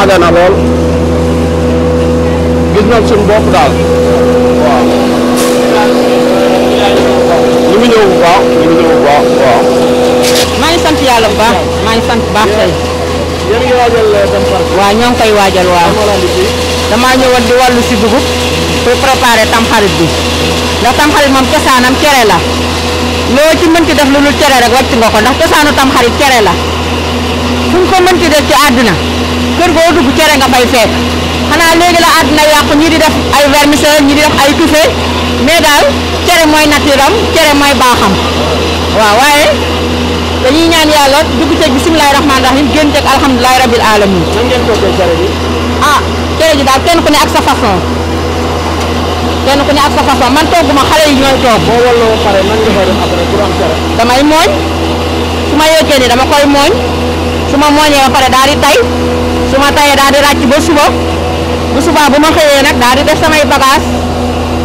Ada na lool gis nañ suñu bopp daal waaw bu baax ñu ngi bu baax waaw maa sant yàlla bu baax maa sant baax tey yéen ngi waajal euh, dem parc waaw ñoo koy waajal waaw damaa ñëwoon di wàllu dugub pour préparer tam xarit bi ndax tam xarit la ci def lu lu rek nga ko ndax tam xarit la fu ñu ko mënti def ci àdduna kër goo dugg cere nga fay fekk xanaa léegi la àdduna yàqu ñi di def ay vermicelle ñi di def ay tufe mais daal cere mooy natiiram cere mooy baaxam waaw waaye dañuy ñaan yàlla dugg ceeg bisimilahi rahmaani rahim génn ceeg alhamdulilahi rabil alamin nan ngeen toggee cere bi ah cere ji daal kenn ku ne ak sa façon kenn ku ne ak sa façon man togguma xale yi ñooy toog damay mooñ su ma yekkee ni dama koy mooñ suma moñé pada dari tay, semua tay suma tayé daal di racc ba suba bu suba bu ma xëyé nak daal di def samay bagage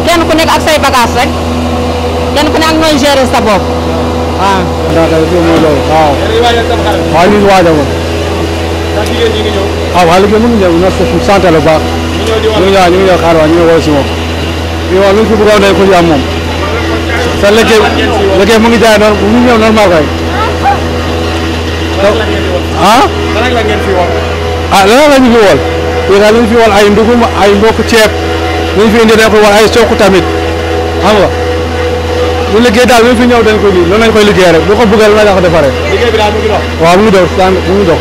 kenn ku nek ak say bagage rek kenn ku nek ak noy gérer sa bop kau da da ci mo do waaw xalis waaja mo waaw xalis mo ñu ñew na su santé la baax ñu ñaa ñu ñoo xaar wa ñu mom wa lu ci bu ko day ko mom sa mu ngi jaay non mu normal kay ah lan la ngeen fi woon ah daal lañ fi woon ay ndugum ay mbokk ceeb lañ fi indi tamit xam nga bu liggéey daal bu fi ñëw dañ ko lii loolu lañ koy liggéey rek bu ko bëggee lan la ko defaree. waaw mu ngi mu ngi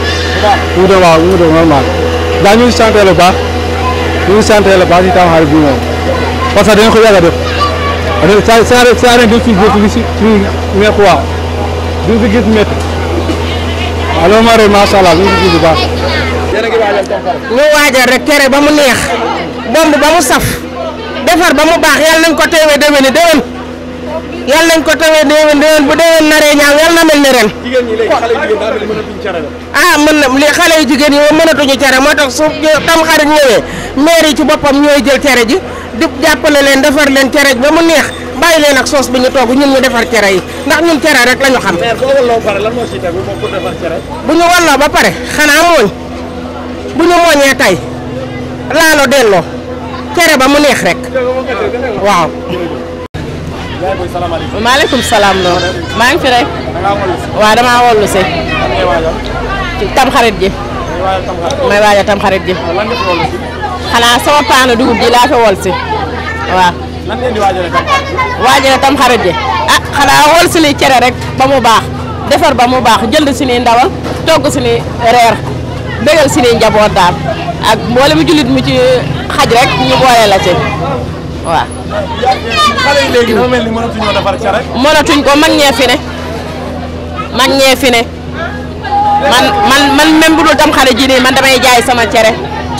mu ngi waaw mu ngi dox daal ñu ngi sant lu baax ñu ngi sant lu baax ci taxawaay bi moom parce que dañ ko yàgg a def saa saa saa duñ fi gis duñ fi duñ fi gis métti. waaw loolu moo rëy macha ñu ngi baax. ñu waajal rek tere ba mu neex bomb ba mu saf defar ba mu baax yàlla nañ ko teewee déwén déwén yàlla nañ ko teewee déwén déwén bu déwén naree ñaaw yàlla na mel ni ren. ah mën na li xale yu jigéen ñi mënatuñu cere moo tax su tam xarit ñëwee yi ci boppam ñooy jël cere ji di jàppale leen defar leen cere ji ba mu neex. bàyyi leen ak soos bi ñu togg ñun ñu defar cere yi ndax ñun cere rek la ñu xam. mais bu ñu walloo ba pare bu ñu ba pare xanaa mooñ bu ñu mooñee tey laalo delloo cere ba mu neex rek. waaw. maaleykum salaam Noor. maa ngi fi rek. waaw damaa wollu si. tam xarit ji. may waaja tam xarit ji. xanaa sama paanu dugub ji laa fa wol si waaw. nan ngeen di waajale tamxarit ji. waajale tamxarit ji ah xanaa xool suñuy cere rek ba mu baax defar ba mu baax jënd ni ndawal togg suñuy reer bégal suñuy njaboot daal ak mu jullit mu ci xaj rek ñu boole la ci waaw. xale yi léegi mel ni mënatuñoo mënatuñ ko mag ñee fi ne mag ñee fi ne man man man même bu ji nii man damay jaay sama cere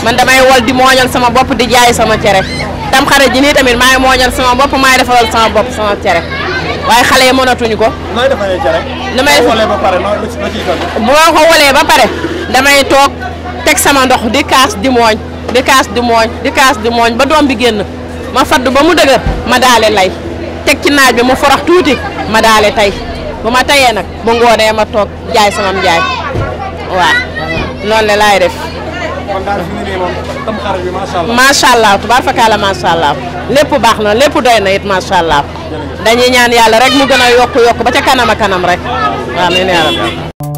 man damay wol di mooñal sama bopp di jaay sama cere. tam xarit ji nii tamit maay mooñal sama bopp maay defaral sama bopp sama cere waaye xale yi mënatuñu ko. nooy defaree damay wolee ba pare boo ko wolee ba pare damay toog teg sama ndox di kaas di mooñ di kaas di mooñ di kaas di mooñ ba doom bi génn ma fadd ba mu dëgër ma daale lay teg ci naaj bi mu forox tuuti ma daale tey bu ma tayee nag bu ngoonee ma toog jaay samam jaay waaw noonu la laay def. kon daal macha allah. macha allah tubaarfakala macha allah lépp baax na lépp doy na it macha allah. dañuy ñaan yàlla rek mu gën a yokk yokk ba ca kanam a kanam rek. waaw amiin yaa rabbi